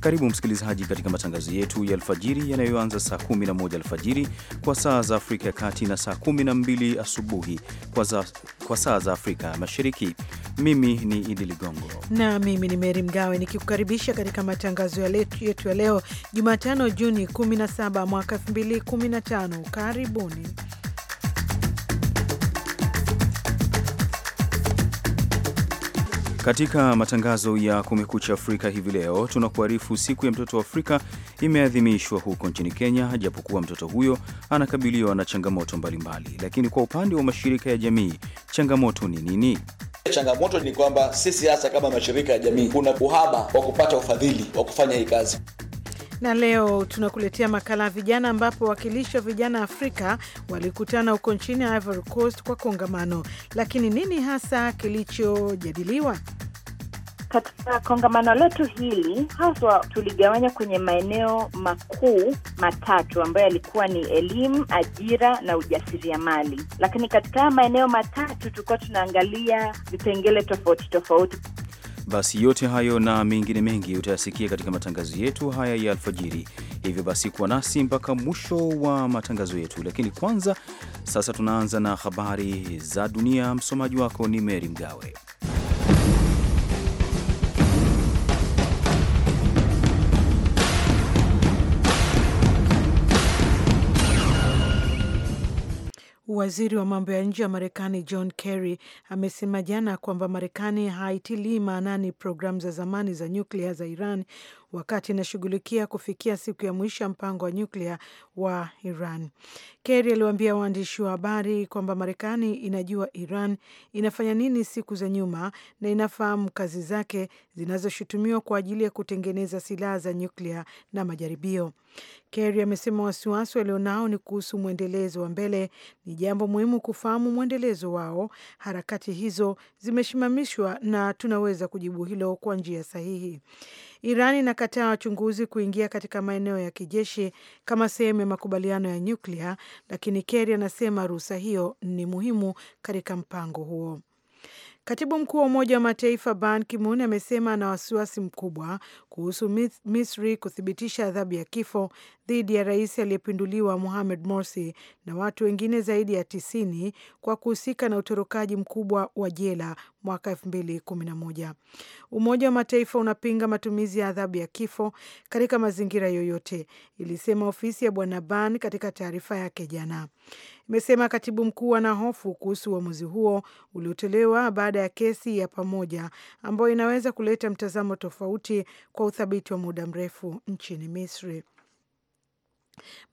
Karibu msikilizaji, katika matangazo yetu ya alfajiri yanayoanza saa 11 alfajiri kwa saa za Afrika ya Kati na saa 12 asubuhi kwa, za, kwa saa za Afrika Mashariki. Mimi ni Idi Ligongo na mimi ni Meri Mgawe nikikukaribisha katika matangazo yetu ya leo Jumatano Juni 17 mwaka 2015. Karibuni. Katika matangazo ya Kumekucha Afrika hivi leo, tunakuarifu siku ya mtoto wa Afrika imeadhimishwa huko nchini Kenya, japokuwa mtoto huyo anakabiliwa na changamoto mbalimbali mbali. Lakini kwa upande wa mashirika ya jamii, changamoto ni nini? Changamoto ni kwamba sisi hasa kama mashirika ya jamii kuna uhaba wa kupata ufadhili wa kufanya hii kazi. Na leo tunakuletea makala ya vijana, ambapo wawakilishi wa vijana Afrika walikutana huko nchini Ivory Coast kwa kongamano. Lakini nini hasa kilichojadiliwa? Katika kongamano letu hili haswa tuligawanya kwenye maeneo makuu matatu ambayo yalikuwa ni elimu, ajira na ujasiriamali. Lakini katika haya maeneo matatu tulikuwa tunaangalia vipengele tofauti tofauti. Basi yote hayo na mengine mengi utayasikia katika matangazo yetu haya ya alfajiri. Hivyo basi kuwa nasi mpaka mwisho wa matangazo yetu, lakini kwanza sasa tunaanza na habari za dunia. Msomaji wako ni Meri Mgawe. Waziri wa mambo ya nje wa Marekani John Kerry amesema jana kwamba Marekani haitilii maanani programu za zamani za nyuklia za Iran wakati inashughulikia kufikia siku ya mwisho ya mpango wa nyuklia wa Iran. Kerry aliwaambia waandishi wa habari kwamba Marekani inajua Iran inafanya nini siku za nyuma na inafahamu kazi zake zinazoshutumiwa kwa ajili ya kutengeneza silaha za nyuklia na majaribio. Kerry amesema wasiwasi walionao ni kuhusu mwendelezo wa mbele. Ni jambo muhimu kufahamu mwendelezo wao. Harakati hizo zimesimamishwa na tunaweza kujibu hilo kwa njia sahihi. Iran inakataa wachunguzi kuingia katika maeneo ya kijeshi kama sehemu ya makubaliano ya nyuklia lakini Kerry anasema ruhusa hiyo ni muhimu katika mpango huo. Katibu mkuu wa Umoja wa Mataifa Ban Ki-moon amesema ana wasiwasi mkubwa kuhusu Misri kuthibitisha adhabu ya kifo dhidi ya rais aliyepinduliwa Mohamed Morsi na watu wengine zaidi ya tisini kwa kuhusika na utorokaji mkubwa wa jela mwaka 2011. Umoja wa Mataifa unapinga matumizi ya adhabu ya kifo katika mazingira yoyote, ilisema ofisi ya Bwana Ban katika taarifa yake jana imesema katibu mkuu ana hofu kuhusu uamuzi huo uliotolewa baada ya kesi ya pamoja ambayo inaweza kuleta mtazamo tofauti kwa uthabiti wa muda mrefu nchini Misri.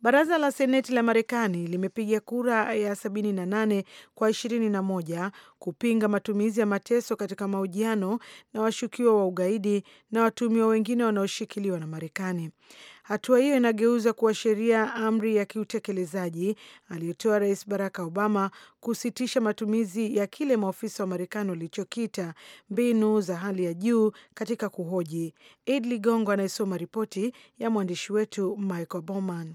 Baraza la Seneti la Marekani limepiga kura ya 78 kwa 21 kupinga matumizi ya mateso katika mahojiano na washukiwa wa ugaidi na watumiwa wengine wanaoshikiliwa na Marekani. Hatua hiyo inageuza kuwa sheria amri ya kiutekelezaji aliyotoa Rais Barack Obama kusitisha matumizi ya kile maofisa wa Marekani walichokita mbinu za hali ya juu katika kuhoji. Idli Ligongo anayesoma ripoti ya mwandishi wetu Michael Bowman.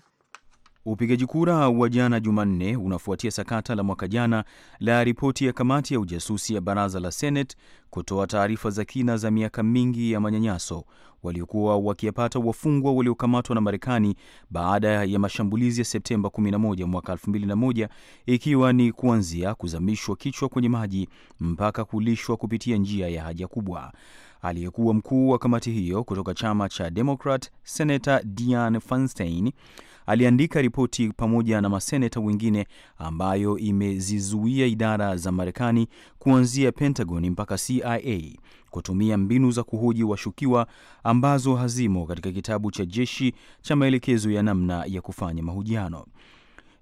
Upigaji kura wa jana Jumanne unafuatia sakata la mwaka jana la ripoti ya kamati ya ujasusi ya baraza la Senate kutoa taarifa za kina za miaka mingi ya manyanyaso waliokuwa wakiyapata wafungwa waliokamatwa na Marekani baada ya mashambulizi ya Septemba 11 mwaka 2001, ikiwa ni kuanzia kuzamishwa kichwa kwenye maji mpaka kulishwa kupitia njia ya haja kubwa. Aliyekuwa mkuu wa kamati hiyo kutoka chama cha Democrat, Senator Dianne Feinstein aliandika ripoti pamoja na maseneta wengine ambayo imezizuia idara za Marekani kuanzia Pentagon mpaka CIA kutumia mbinu za kuhoji washukiwa ambazo hazimo katika kitabu cha jeshi cha maelekezo ya namna ya kufanya mahojiano.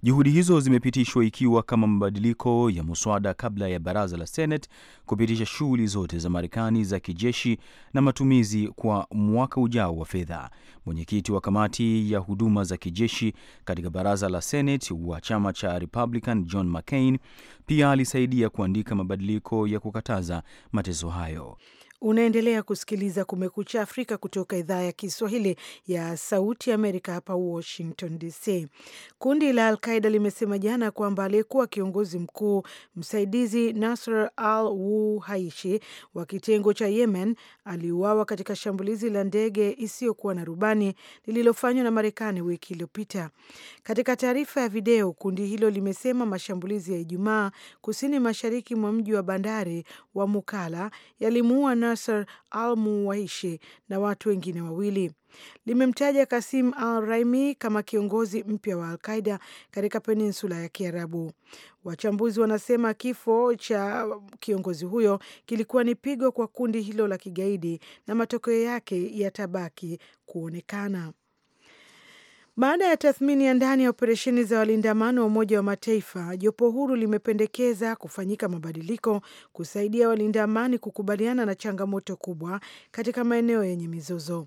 Juhudi hizo zimepitishwa ikiwa kama mabadiliko ya muswada kabla ya baraza la Senate kupitisha shughuli zote za Marekani za kijeshi na matumizi kwa mwaka ujao wa fedha. Mwenyekiti wa kamati ya huduma za kijeshi katika baraza la Senate wa chama cha Republican John McCain pia alisaidia kuandika mabadiliko ya kukataza mateso hayo. Unaendelea kusikiliza Kumekucha Afrika kutoka idhaa ya Kiswahili ya Sauti ya Amerika hapa Washington DC. Kundi la Alqaida limesema jana kwamba aliyekuwa kiongozi mkuu msaidizi Nasr al Wuhaishi wa kitengo cha Yemen aliuawa katika shambulizi la ndege isiyokuwa na rubani lililofanywa na Marekani wiki iliyopita. Katika taarifa ya video, kundi hilo limesema mashambulizi ya Ijumaa kusini mashariki mwa mji wa bandari wa Mukala yalimuua Nasser Al Muwaishi na watu wengine wawili. Limemtaja Kasim Al Raimi kama kiongozi mpya wa Alqaida katika peninsula ya Kiarabu. Wachambuzi wanasema kifo cha kiongozi huyo kilikuwa ni pigo kwa kundi hilo la kigaidi na matokeo yake yatabaki kuonekana. Baada ya tathmini ya ndani ya operesheni za walinda amani wa Umoja wa Mataifa, jopo huru limependekeza kufanyika mabadiliko kusaidia walinda amani kukubaliana na changamoto kubwa katika maeneo yenye mizozo.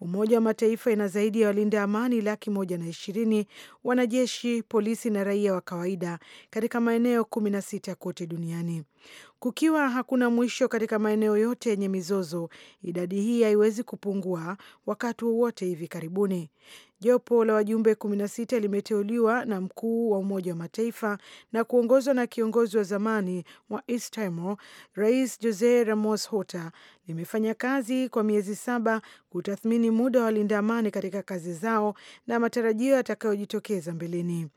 Umoja wa Mataifa ina zaidi ya walinda amani laki moja na ishirini, wanajeshi, polisi na raia wa kawaida katika maeneo kumi na sita kote duniani. Kukiwa hakuna mwisho katika maeneo yote yenye mizozo, idadi hii haiwezi kupungua wakati wowote hivi karibuni. Jopo la wajumbe 16 limeteuliwa na mkuu wa Umoja wa Mataifa na kuongozwa na kiongozi wa zamani wa East Timor, Rais Jose Ramos Horta, limefanya kazi kwa miezi saba kutathmini muda wa walinda amani katika kazi zao na matarajio yatakayojitokeza mbeleni.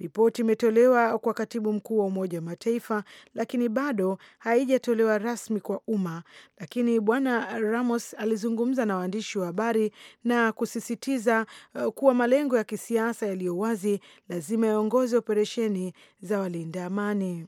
Ripoti imetolewa kwa katibu mkuu wa Umoja wa Mataifa, lakini bado haijatolewa rasmi kwa umma. Lakini Bwana Ramos alizungumza na waandishi wa habari na kusisitiza uh, kuwa malengo ya kisiasa yaliyo wazi lazima yaongoze operesheni za walinda amani.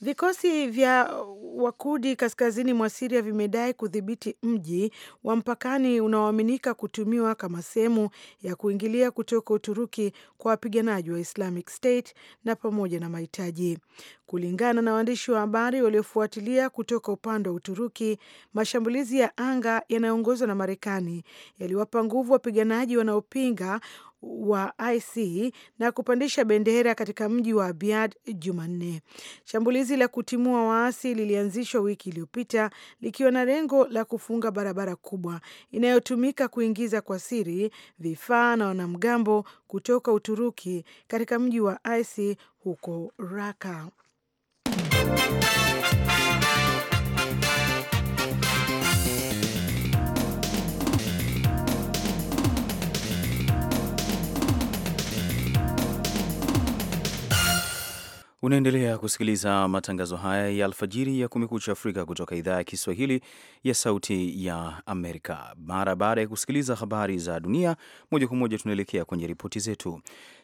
Vikosi vya Wakurdi kaskazini mwa Siria vimedai kudhibiti mji wa mpakani unaoaminika kutumiwa kama sehemu ya kuingilia kutoka Uturuki kwa wapiganaji wa Islamic State na pamoja na mahitaji. Kulingana na waandishi wa habari waliofuatilia kutoka upande wa Uturuki, mashambulizi ya anga yanayoongozwa na Marekani yaliwapa nguvu wapiganaji wanaopinga wa IC na kupandisha bendera katika mji wa Abiad Jumanne. Shambulizi la kutimua waasi lilianzishwa wiki iliyopita likiwa na lengo la kufunga barabara kubwa inayotumika kuingiza kwa siri vifaa na wanamgambo kutoka Uturuki katika mji wa IC huko Raka. Unaendelea kusikiliza matangazo haya ya alfajiri ya Kumekucha Afrika kutoka idhaa ya Kiswahili ya Sauti ya Amerika. Mara baada ya kusikiliza habari za dunia moja kwa moja, tunaelekea kwenye ripoti zetu.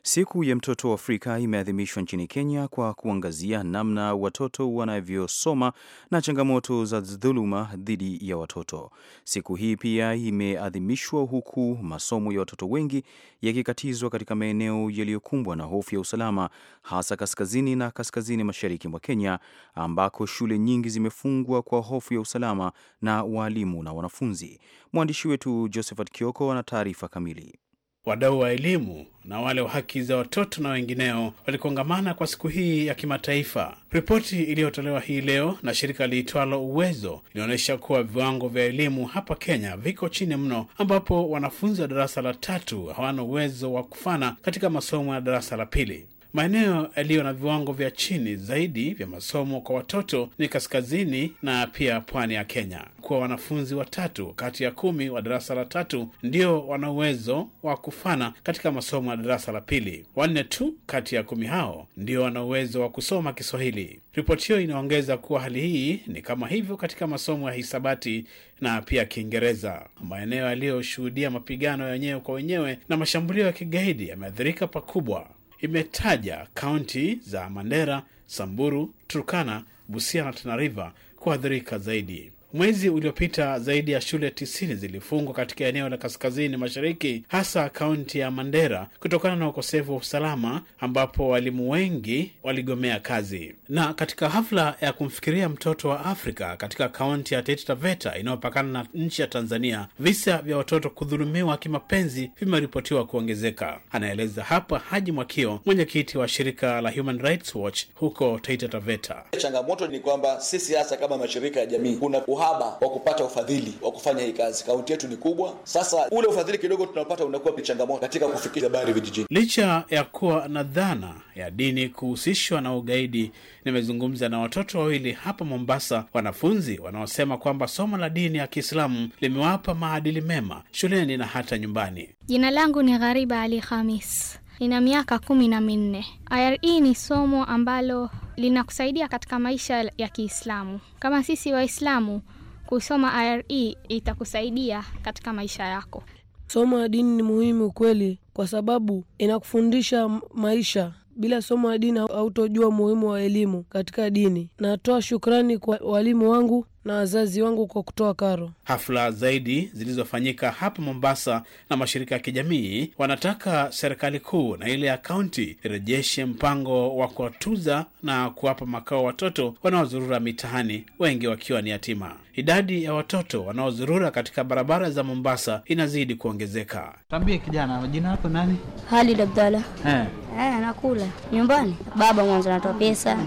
Siku ya mtoto wa Afrika imeadhimishwa nchini Kenya kwa kuangazia namna watoto wanavyosoma na changamoto za dhuluma dhidi ya watoto. Siku hii pia imeadhimishwa huku masomo ya watoto wengi yakikatizwa katika maeneo yaliyokumbwa na hofu ya usalama, hasa kaskazini na kaskazini mashariki mwa Kenya, ambako shule nyingi zimefungwa kwa hofu ya usalama na waalimu na wanafunzi. Mwandishi wetu Josephat Kioko ana taarifa kamili wadau wa elimu na wale wa haki za watoto na wengineo walikongamana kwa siku hii ya kimataifa. Ripoti iliyotolewa hii leo na shirika liitwalo Uwezo inaonyesha kuwa viwango vya elimu hapa Kenya viko chini mno, ambapo wanafunzi wa darasa la tatu hawana uwezo wa kufana katika masomo ya darasa la pili. Maeneo yaliyo na viwango vya chini zaidi vya masomo kwa watoto ni kaskazini na pia pwani ya Kenya. Kwa wanafunzi watatu kati ya kumi wa darasa la tatu ndio wana uwezo wa kufana katika masomo ya darasa la pili. Wanne tu kati ya kumi hao ndio wana uwezo wa kusoma Kiswahili. Ripoti hiyo inaongeza kuwa hali hii ni kama hivyo katika masomo ya hisabati na pia Kiingereza. Maeneo yaliyoshuhudia mapigano ya wenyewe kwa wenyewe na mashambulio ya kigaidi yameathirika pakubwa imetaja kaunti za Mandera, Samburu, Turkana, Busia na tanariva kuathirika zaidi. Mwezi uliopita zaidi ya shule tisini zilifungwa katika eneo la kaskazini mashariki, hasa kaunti ya Mandera kutokana na ukosefu wa usalama, ambapo walimu wengi waligomea kazi. Na katika hafla ya kumfikiria mtoto wa Afrika katika kaunti ya Taita Taveta inayopakana na nchi ya Tanzania, visa vya watoto kudhulumiwa kimapenzi vimeripotiwa kuongezeka. Anaeleza hapa Haji Mwakio, mwenyekiti wa shirika la Human Rights Watch huko Taita Taveta. Changamoto ni kwamba sisi hasa kama mashirika ya jamii kuna uha uhaba wa kupata ufadhili wa kufanya hii kazi. Kaunti yetu ni kubwa, sasa ule ufadhili kidogo tunapata unakuwa ni changamoto katika kufikisha habari vijijini. Licha ya kuwa na dhana ya dini kuhusishwa na ugaidi, nimezungumza na watoto wawili hapa Mombasa, wanafunzi wanaosema kwamba somo la dini ya Kiislamu limewapa maadili mema shuleni na hata nyumbani. Jina langu ni Ghariba Ali Khamis, nina miaka kumi na minne. IRE ni somo ambalo linakusaidia katika maisha ya Kiislamu. Kama sisi Waislamu kusoma IRE itakusaidia katika maisha yako. Somo la dini ni muhimu kweli, kwa sababu inakufundisha maisha. Bila somo la dini hautojua umuhimu wa elimu katika dini. Natoa shukrani kwa walimu wangu na wazazi wangu kwa kutoa karo. Hafla zaidi zilizofanyika hapa Mombasa na mashirika ya kijamii wanataka serikali kuu na ile ya kaunti irejeshe mpango wa kuwatuza na kuwapa makao watoto wanaozurura mitaani, wengi wakiwa ni yatima. Idadi ya watoto wanaozurura katika barabara za Mombasa inazidi kuongezeka. Tambie kijana, majina yako nani? Halid Abdalla. Eh, eh nakula nyumbani, baba mwanzo anatoa pesa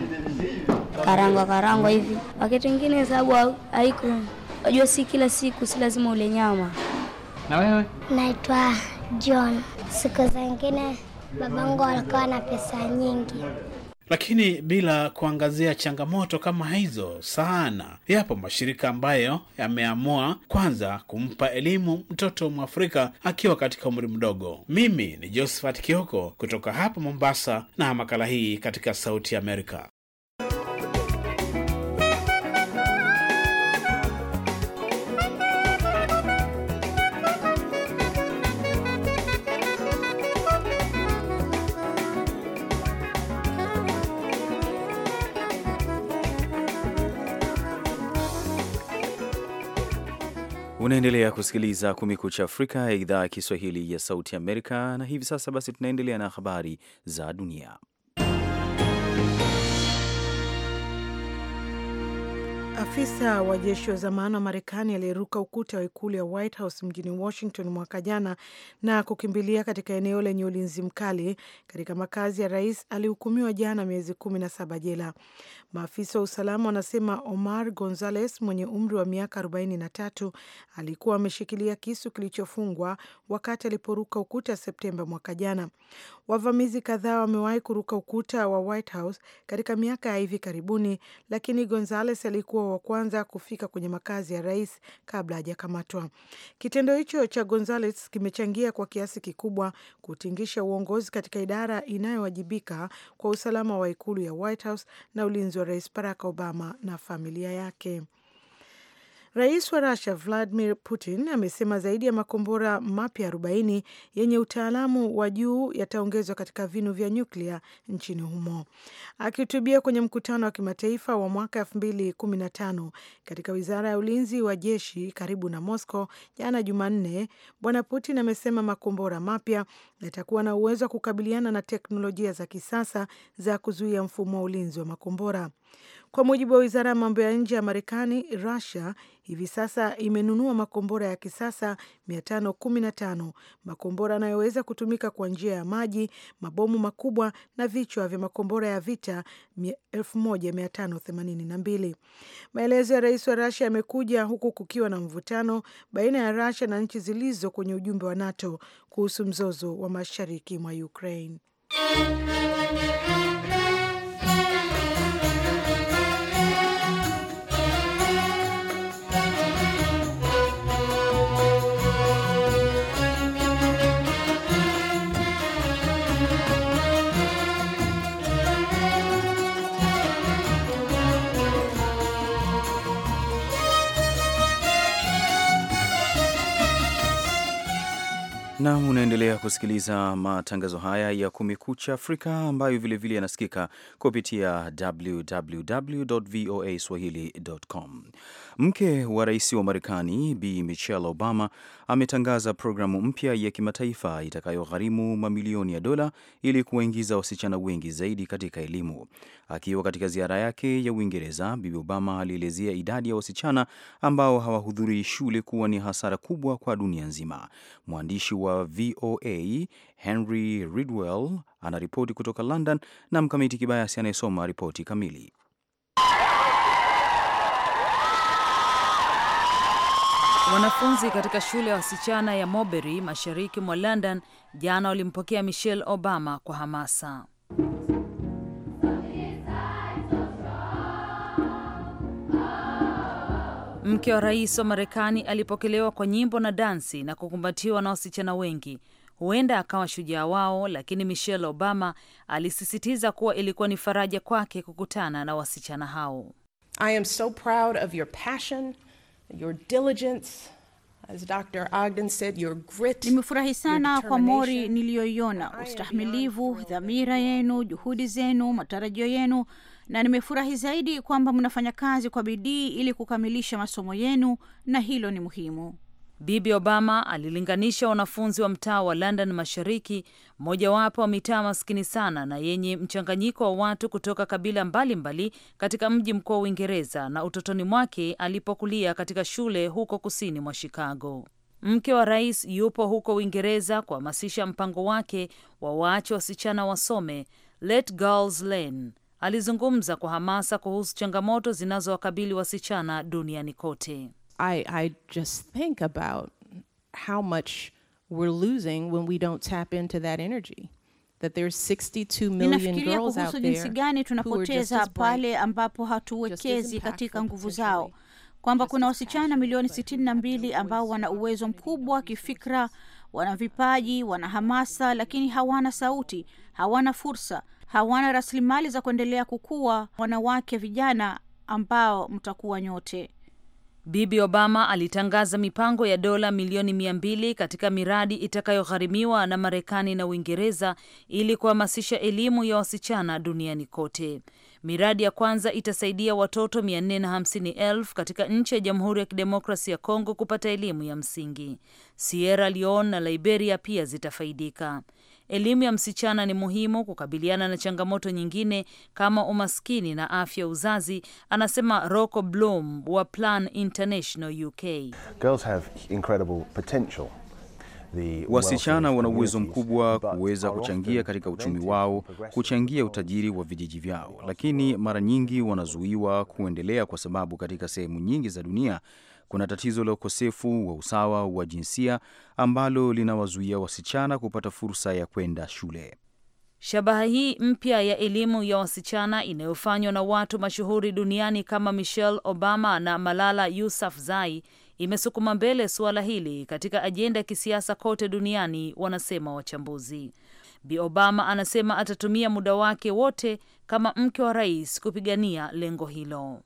karanga karanga hivi. Wakati mwingine sababu haiko, wajua si kila siku, si lazima ule nyama. Na wewe? Naitwa John. Siku zingine babangu alikuwa na pesa nyingi lakini bila kuangazia changamoto kama hizo sana. Yapo mashirika ambayo yameamua kwanza kumpa elimu mtoto Mwafrika akiwa katika umri mdogo. Mimi ni Josephat Kioko kutoka hapa Mombasa na makala hii katika Sauti Amerika. Unaendelea kusikiliza Kumekucha Afrika ya idhaa ya Kiswahili ya Sauti Amerika, na hivi sasa basi tunaendelea na habari za dunia. Afisa wa jeshi wa zamani wa Marekani aliyeruka ukuta wa ikulu ya White House mjini Washington mwaka jana na kukimbilia katika eneo lenye ulinzi mkali katika makazi ya rais alihukumiwa jana miezi kumi na saba jela. Maafisa wa usalama wanasema Omar Gonzales mwenye umri wa miaka 43 alikuwa ameshikilia kisu kilichofungwa wakati aliporuka ukuta Septemba mwaka jana. Wavamizi kadhaa wamewahi kuruka ukuta wa White House katika miaka ya hivi karibuni, lakini Gonzales alikuwa wa kwanza kufika kwenye makazi ya rais kabla hajakamatwa. Kitendo hicho cha Gonzales kimechangia kwa kiasi kikubwa kutingisha uongozi katika idara inayowajibika kwa usalama wa ikulu ya White House na ulinzi wa rais Barack Obama na familia yake. Rais wa Rusia Vladimir Putin amesema zaidi ya makombora mapya 40 yenye utaalamu wa juu yataongezwa katika vinu vya nyuklia nchini humo. Akihutubia kwenye mkutano wa kimataifa wa mwaka 2015 katika wizara ya ulinzi wa jeshi karibu na Moscow jana Jumanne, Bwana Putin amesema makombora mapya na na uwezo wa kukabiliana na teknolojia za kisasa za kuzuia mfumo wa ulinzi wa makombora. Kwa mujibu wa wizara ya mambo ya nje ya Marekani, Rusia hivi sasa imenunua makombora ya kisasa 515 makombora yanayoweza kutumika kwa njia ya maji, mabomu makubwa na vichwa vya makombora ya vita 1582. Maelezo ya rais wa Rusia yamekuja huku kukiwa na mvutano baina ya Rusia na nchi zilizo kwenye ujumbe wa NATO kuhusu mzozo wa mashariki mwa Ukraine. na unaendelea kusikiliza matangazo haya ya Kumekucha Afrika ambayo vilevile yanasikika kupitia www voa swahili.com. Mke wa rais wa Marekani Bi Michelle Obama ametangaza programu mpya ya kimataifa itakayogharimu mamilioni ya dola ili kuwaingiza wasichana wengi zaidi katika elimu. Akiwa katika ziara yake ya Uingereza, Bibi Obama alielezea idadi ya wasichana ambao hawahudhurii shule kuwa ni hasara kubwa kwa dunia nzima. Mwandishi wa VOA Henry Ridwell anaripoti kutoka London na Mkamiti Kibayasi anayesoma ripoti kamili. Wanafunzi katika shule ya wasichana ya mobery mashariki mwa London jana walimpokea Michelle Obama kwa hamasa. Mke wa rais wa Marekani alipokelewa kwa nyimbo na dansi na kukumbatiwa na wasichana wengi. Huenda akawa shujaa wao, lakini Michelle Obama alisisitiza kuwa ilikuwa ni faraja kwake kukutana na wasichana hao. I am so proud of your passion your diligence, As Dr. Ogden said, your grit, nimefurahi sana kwa mori niliyoiona, ustahimilivu, dhamira yenu, juhudi zenu, matarajio yenu, na nimefurahi zaidi kwamba mnafanya kazi kwa bidii ili kukamilisha masomo yenu, na hilo ni muhimu. Bibi Obama alilinganisha wanafunzi wa mtaa wa London Mashariki, mmojawapo wa mitaa maskini sana na yenye mchanganyiko wa watu kutoka kabila mbalimbali mbali katika mji mkuu wa Uingereza, na utotoni mwake alipokulia katika shule huko kusini mwa Chicago. Mke wa rais yupo huko Uingereza kuhamasisha mpango wake wa waache wasichana wasome, Let Girls Learn. Alizungumza kwa hamasa kuhusu changamoto zinazowakabili wasichana duniani kote. I, I just think about how much we're losing when we don't tap into that energy that there's 62 million girls out there jinsi gani tunapoteza pale ambapo hatuwekezi katika nguvu zao kwamba kuna wasichana milioni 62 ambao wana uwezo mkubwa kifikra wana vipaji wana hamasa lakini hawana sauti hawana fursa hawana rasilimali za kuendelea kukua wanawake vijana ambao mtakuwa nyote Bibi Obama alitangaza mipango ya dola milioni mia mbili katika miradi itakayogharimiwa na Marekani na Uingereza ili kuhamasisha elimu ya wasichana duniani kote. Miradi ya kwanza itasaidia watoto 450,000 katika nchi ya Jamhuri ya Kidemokrasi ya Kongo kupata elimu ya msingi. Sierra Leone na Liberia pia zitafaidika. Elimu ya msichana ni muhimu kukabiliana na changamoto nyingine kama umaskini na afya uzazi, anasema Rocco Bloom wa Plan International UK. Girls have incredible potential. Wasichana wana uwezo mkubwa kuweza kuchangia katika uchumi wao, kuchangia utajiri wa vijiji vyao, lakini mara nyingi wanazuiwa kuendelea kwa sababu katika sehemu nyingi za dunia kuna tatizo la ukosefu wa usawa wa jinsia ambalo linawazuia wasichana kupata fursa ya kwenda shule. Shabaha hii mpya ya elimu ya wasichana inayofanywa na watu mashuhuri duniani kama Michelle Obama na Malala Yousafzai imesukuma mbele suala hili katika ajenda ya kisiasa kote duniani, wanasema wachambuzi. Bi Obama anasema atatumia muda wake wote kama mke wa rais kupigania lengo hilo.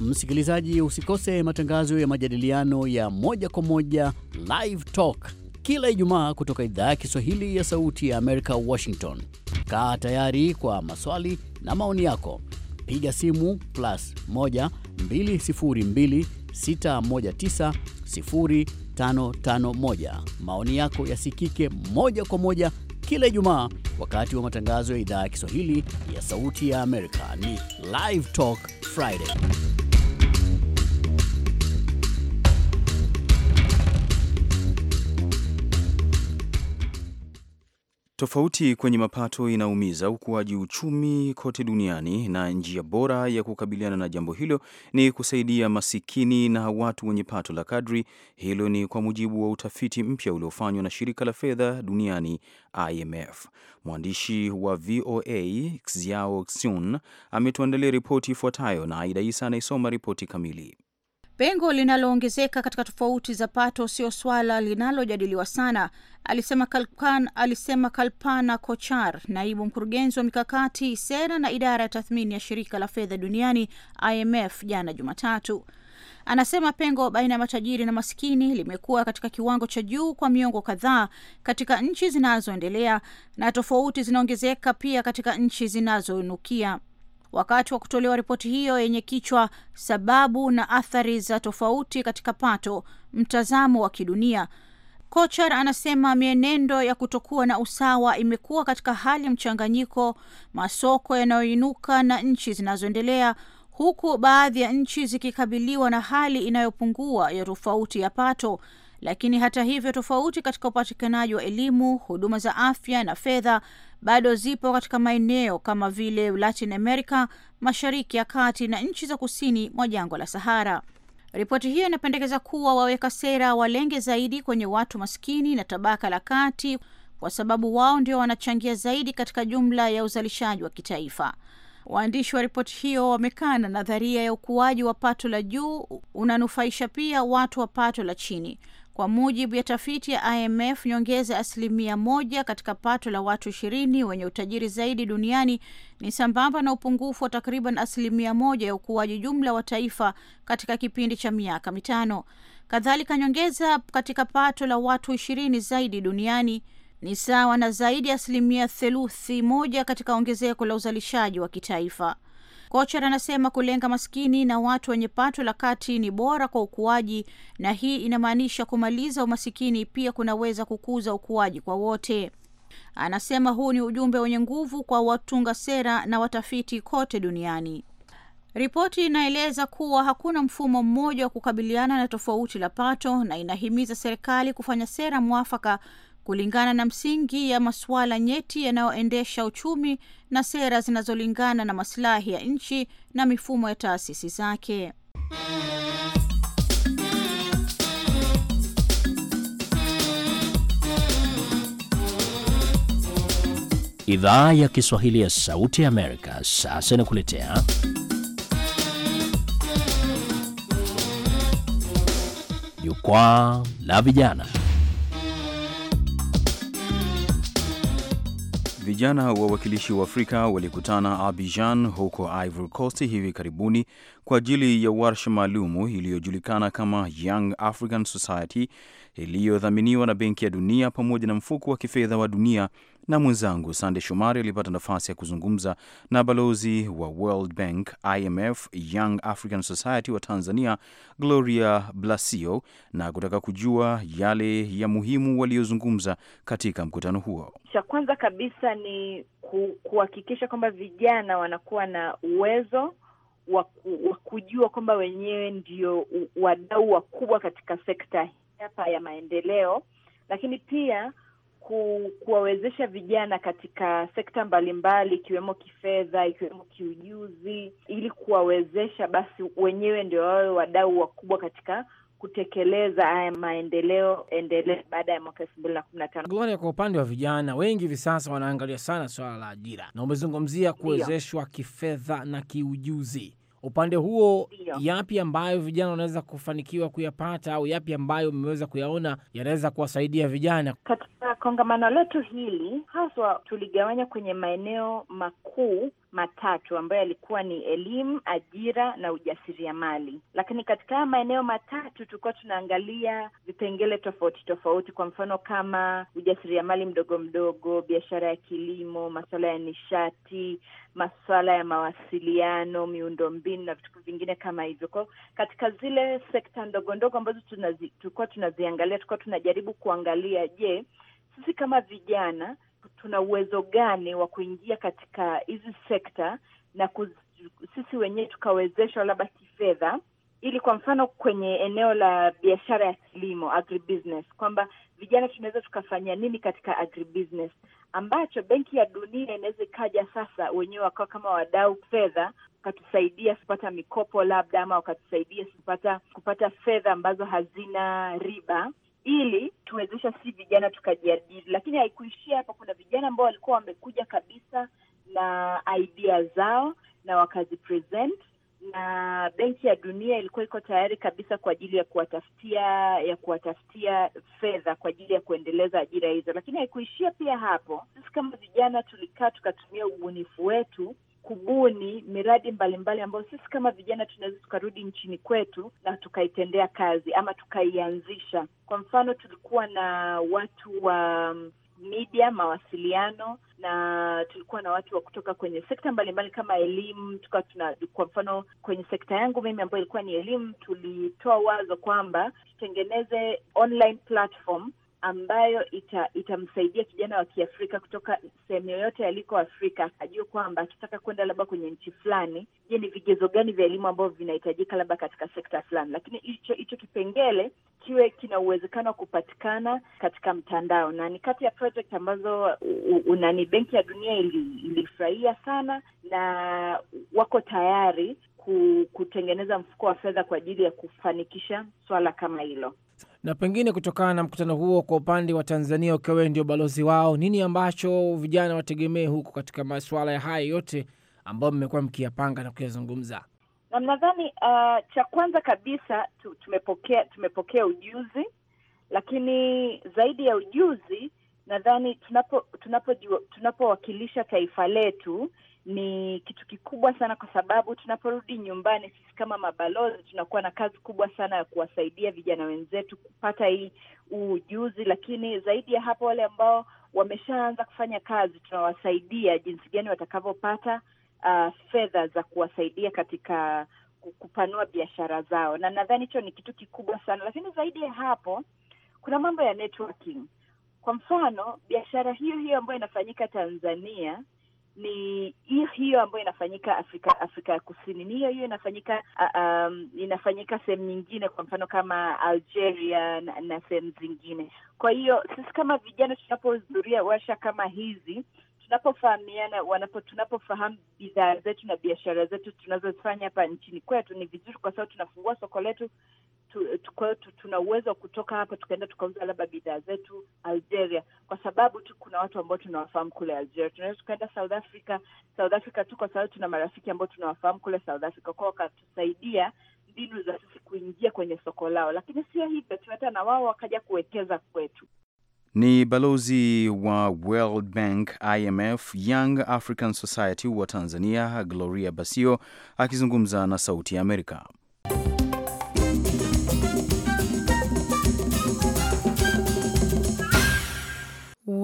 Msikilizaji, usikose matangazo ya majadiliano ya moja kwa moja Live Talk kila Ijumaa kutoka idhaa ya Kiswahili ya Sauti ya Amerika, Washington. Kaa tayari kwa maswali na maoni yako, piga simu plus 1 202 619 0551. Maoni yako yasikike moja kwa moja kila Ijumaa wakati wa matangazo ya idhaa ya Kiswahili ya Sauti ya Amerika. Ni Live Talk Friday. Tofauti kwenye mapato inaumiza ukuaji uchumi kote duniani, na njia bora ya kukabiliana na jambo hilo ni kusaidia masikini na watu wenye pato la kadri. Hilo ni kwa mujibu wa utafiti mpya uliofanywa na shirika la fedha duniani IMF. Mwandishi wa VOA Xiao Xun ametuandalia ripoti ifuatayo, na Aida Isa anaisoma ripoti kamili. Pengo linaloongezeka katika tofauti za pato sio swala linalojadiliwa sana, alisema Kalpan, alisema Kalpana Kochar, naibu mkurugenzi wa mikakati, sera na idara ya tathmini ya shirika la fedha duniani IMF jana Jumatatu. Anasema pengo baina ya matajiri na maskini limekuwa katika kiwango cha juu kwa miongo kadhaa katika nchi zinazoendelea na tofauti zinaongezeka pia katika nchi zinazoinukia. Wakati wa kutolewa ripoti hiyo yenye kichwa sababu na athari za tofauti katika pato, mtazamo wa kidunia, Kochar anasema mienendo ya kutokuwa na usawa imekuwa katika hali mchanganyiko, masoko yanayoinuka na nchi zinazoendelea, huku baadhi ya nchi zikikabiliwa na hali inayopungua ya tofauti ya pato. Lakini hata hivyo, tofauti katika upatikanaji wa elimu, huduma za afya na fedha bado zipo katika maeneo kama vile Latin America, Mashariki ya Kati na nchi za kusini mwa jangwa la Sahara. Ripoti hiyo inapendekeza kuwa waweka sera walenge zaidi kwenye watu maskini na tabaka la kati kwa sababu wao ndio wanachangia zaidi katika jumla ya uzalishaji wa kitaifa. Waandishi wa ripoti hiyo wamekaa na nadharia ya ukuaji wa pato la juu unanufaisha pia watu wa pato la chini kwa mujibu ya tafiti ya IMF, nyongeza asilimia moja katika pato la watu ishirini wenye utajiri zaidi duniani ni sambamba na upungufu wa takriban asilimia moja ya ukuaji jumla wa taifa katika kipindi cha miaka mitano. Kadhalika, nyongeza katika pato la watu ishirini zaidi duniani ni sawa na zaidi ya asilimia theluthi moja katika ongezeko la uzalishaji wa kitaifa. Kocher anasema kulenga maskini na watu wenye pato la kati ni bora kwa ukuaji, na hii inamaanisha kumaliza umasikini pia kunaweza kukuza ukuaji kwa wote. Anasema huu ni ujumbe wenye nguvu kwa watunga sera na watafiti kote duniani. Ripoti inaeleza kuwa hakuna mfumo mmoja wa kukabiliana na tofauti la pato na inahimiza serikali kufanya sera mwafaka kulingana na msingi ya masuala nyeti yanayoendesha uchumi na sera zinazolingana na masilahi ya nchi na mifumo ya taasisi zake. Idhaa ya Kiswahili ya Sauti ya Amerika sasa inakuletea Jukwaa la Vijana. Vijana wa wakilishi wa Afrika walikutana Abidjan huko Ivory Coast hivi karibuni kwa ajili ya warsha maalumu iliyojulikana kama Young African Society iliyodhaminiwa na Benki ya Dunia pamoja na Mfuko wa Kifedha wa Dunia, na mwenzangu Sande Shomari alipata nafasi ya kuzungumza na balozi wa World Bank, IMF, Young African Society wa Tanzania, Gloria Blasio, na kutaka kujua yale ya muhimu waliyozungumza katika mkutano huo. Cha kwanza kabisa ni kuhakikisha kwamba vijana wanakuwa na uwezo wa kujua kwamba wenyewe ndio wadau wakubwa katika sekta hapa ya maendeleo, lakini pia ku, kuwawezesha vijana katika sekta mbalimbali ikiwemo mbali, kifedha ikiwemo kiujuzi, ili kuwawezesha basi wenyewe ndio wawe wadau wakubwa katika kutekeleza haya maendeleo endelevu baada ya mwaka elfu mbili na kumi na tano. Gloria, kwa upande wa vijana wengi hivi sasa wanaangalia sana swala la ajira, na umezungumzia kuwezeshwa kifedha na kiujuzi upande huo Dio. Yapi ambayo vijana wanaweza kufanikiwa kuyapata au yapi ambayo mmeweza kuyaona yanaweza kuwasaidia vijana katika kongamano letu hili? Haswa tuligawanya kwenye maeneo makuu matatu ambayo yalikuwa ni elimu, ajira na ujasiriamali. Lakini katika haya maeneo matatu tulikuwa tunaangalia vipengele tofauti tofauti, kwa mfano kama ujasiriamali mdogo mdogo, biashara ya kilimo, masuala ya nishati, masuala ya mawasiliano, miundombinu na vitu vingine kama hivyo. Kwao katika zile sekta ndogo ndogo ambazo tunazi, tulikuwa tunaziangalia, tulikuwa tunajaribu kuangalia, je, sisi kama vijana tuna uwezo gani wa kuingia katika hizi sekta na sisi wenyewe tukawezeshwa labda kifedha, ili kwa mfano kwenye eneo la biashara ya kilimo agribusiness, kwamba vijana tunaweza tukafanya nini katika agribusiness ambacho Benki ya Dunia inaweza ikaja sasa wenyewe wakawa kama wadau fedha wakatusaidia sikupata mikopo labda, ama wakatusaidia sikupata kupata fedha ambazo hazina riba ili tuwezesha si vijana tukajiadili Lakini haikuishia hapo, kuna vijana ambao walikuwa wamekuja kabisa na idea zao na wakazipresent, na Benki ya Dunia ilikuwa iko tayari kabisa kwa ajili ya kuwatafutia ya kuwatafutia fedha kwa ajili ya kuendeleza ajira hizo. Lakini haikuishia pia hapo, sisi kama vijana tulikaa tukatumia ubunifu wetu kubuni miradi mbalimbali ambayo sisi kama vijana tunaweza tukarudi nchini kwetu na tukaitendea kazi ama tukaianzisha. Kwa mfano, tulikuwa na watu wa media, mawasiliano na tulikuwa na watu wa kutoka kwenye sekta mbalimbali kama elimu. Tukawa tuna kwa mfano kwenye sekta yangu mimi ambayo ilikuwa ni elimu, tulitoa wazo kwamba tutengeneze online platform ambayo ita, itamsaidia kijana wa Kiafrika kutoka sehemu yoyote aliko Afrika ajue kwamba akitaka kwenda labda kwenye nchi fulani, je, ni vigezo gani vya elimu ambavyo vinahitajika labda katika sekta fulani, lakini hicho hicho kipengele kiwe kina uwezekano wa kupatikana katika mtandao, na ni kati ya project ambazo unani Benki ya Dunia ilifurahia ili sana na wako tayari kutengeneza mfuko wa fedha kwa ajili ya kufanikisha swala kama hilo. Na pengine kutokana na mkutano huo, kwa upande wa Tanzania ukiwa wewe ndio balozi wao, nini ambacho vijana wategemee huko katika masuala ya haya yote ambayo mmekuwa mkiyapanga na kuyazungumza? Na nadhani uh, cha kwanza kabisa tumepokea tumepokea ujuzi, lakini zaidi ya ujuzi nadhani tunapo tunapowakilisha tunapo taifa letu ni kitu kikubwa sana, kwa sababu tunaporudi nyumbani sisi kama mabalozi tunakuwa na kazi kubwa sana ya kuwasaidia vijana wenzetu kupata hii ujuzi, lakini zaidi ya hapo, wale ambao wameshaanza kufanya kazi tunawasaidia jinsi gani watakavyopata uh, fedha za kuwasaidia katika kupanua biashara zao, na nadhani hicho ni kitu kikubwa sana. Lakini zaidi ya hapo, kuna mambo ya networking. Kwa mfano, biashara hiyo hiyo ambayo inafanyika Tanzania ni hiyo hiyo ambayo inafanyika Afrika Afrika ya Kusini, ni hiyo hiyo inafanyika ah, um, inafanyika sehemu nyingine, kwa mfano kama Algeria na, na sehemu zingine. Kwa hiyo sisi kama vijana tunapohudhuria warsha kama hizi tunapofahamiana wanapo tunapofahamu bidhaa zetu na biashara zetu tunazofanya hapa nchini kwetu, ni vizuri, kwa sababu tunafungua soko letu tuna uwezo wa kutoka hapa tukaenda tukauza labda bidhaa zetu Algeria, kwa sababu tu kuna watu ambao tunawafahamu kule Algeria. Tunaweza tukaenda South Africa, South Africa tu kwa sababu tuna marafiki ambao tunawafahamu kule South Africa, kwao wakatusaidia mbinu za sisi kuingia kwenye soko lao. Lakini sio hivyo tu, hata na wao wakaja kuwekeza kwetu. Ni balozi wa World Bank, IMF, Young African Society wa Tanzania, Gloria Basio akizungumza na Sauti ya Amerika.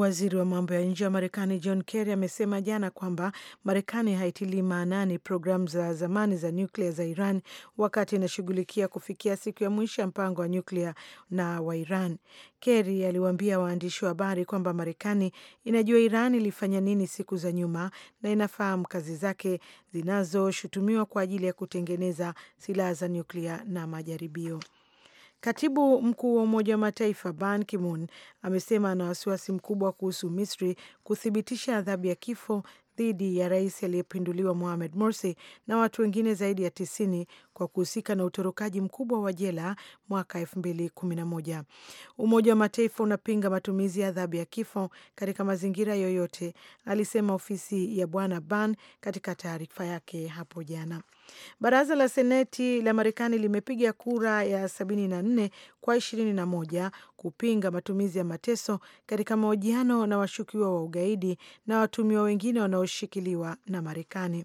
Waziri wa mambo ya nje wa Marekani John Kerry amesema jana kwamba Marekani haitilii maanani programu za zamani za nyuklia za Iran wakati inashughulikia kufikia siku ya mwisho ya mpango wa nyuklia na wa Iran. Kerry aliwaambia waandishi wa habari kwamba Marekani inajua Iran ilifanya nini siku za nyuma na inafahamu kazi zake zinazoshutumiwa kwa ajili ya kutengeneza silaha za nyuklia na majaribio. Katibu mkuu wa Umoja wa Mataifa Ban Ki-moon amesema ana wasiwasi mkubwa kuhusu Misri kuthibitisha adhabu ya kifo dhidi ya rais aliyepinduliwa Mohamed Morsi na watu wengine zaidi ya tisini kwa kuhusika na utorokaji mkubwa wa jela mwaka moja. Umoja wa Mataifa unapinga matumizi ya adhabu ya kifo katika mazingira yoyote, alisema ofisi ya Bwana Ban katika taarifa yake hapo jana. Baraza la Seneti la Marekani limepiga kura ya 74 kwa 21 kupinga matumizi ya mateso katika mahojiano na washukiwa wa ugaidi na watumiwa wengine wanaoshikiliwa na Marekani.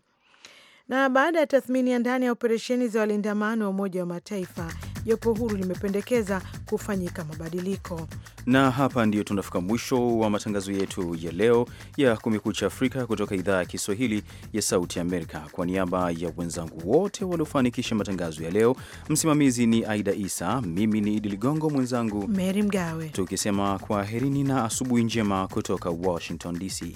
Na baada ya tathmini ya ndani ya operesheni za walinda amani wa Umoja wa Mataifa jopo huru limependekeza kufanyika mabadiliko. Na hapa ndiyo tunafika mwisho wa matangazo yetu ya leo ya Kumekucha Afrika kutoka idhaa ya Kiswahili ya Sauti Amerika. Kwa niaba ya wenzangu wote waliofanikisha matangazo ya leo, msimamizi ni Aida Isa, mimi ni Idi Ligongo, mwenzangu Meri Mgawe, tukisema kwaherini na asubuhi njema kutoka Washington DC.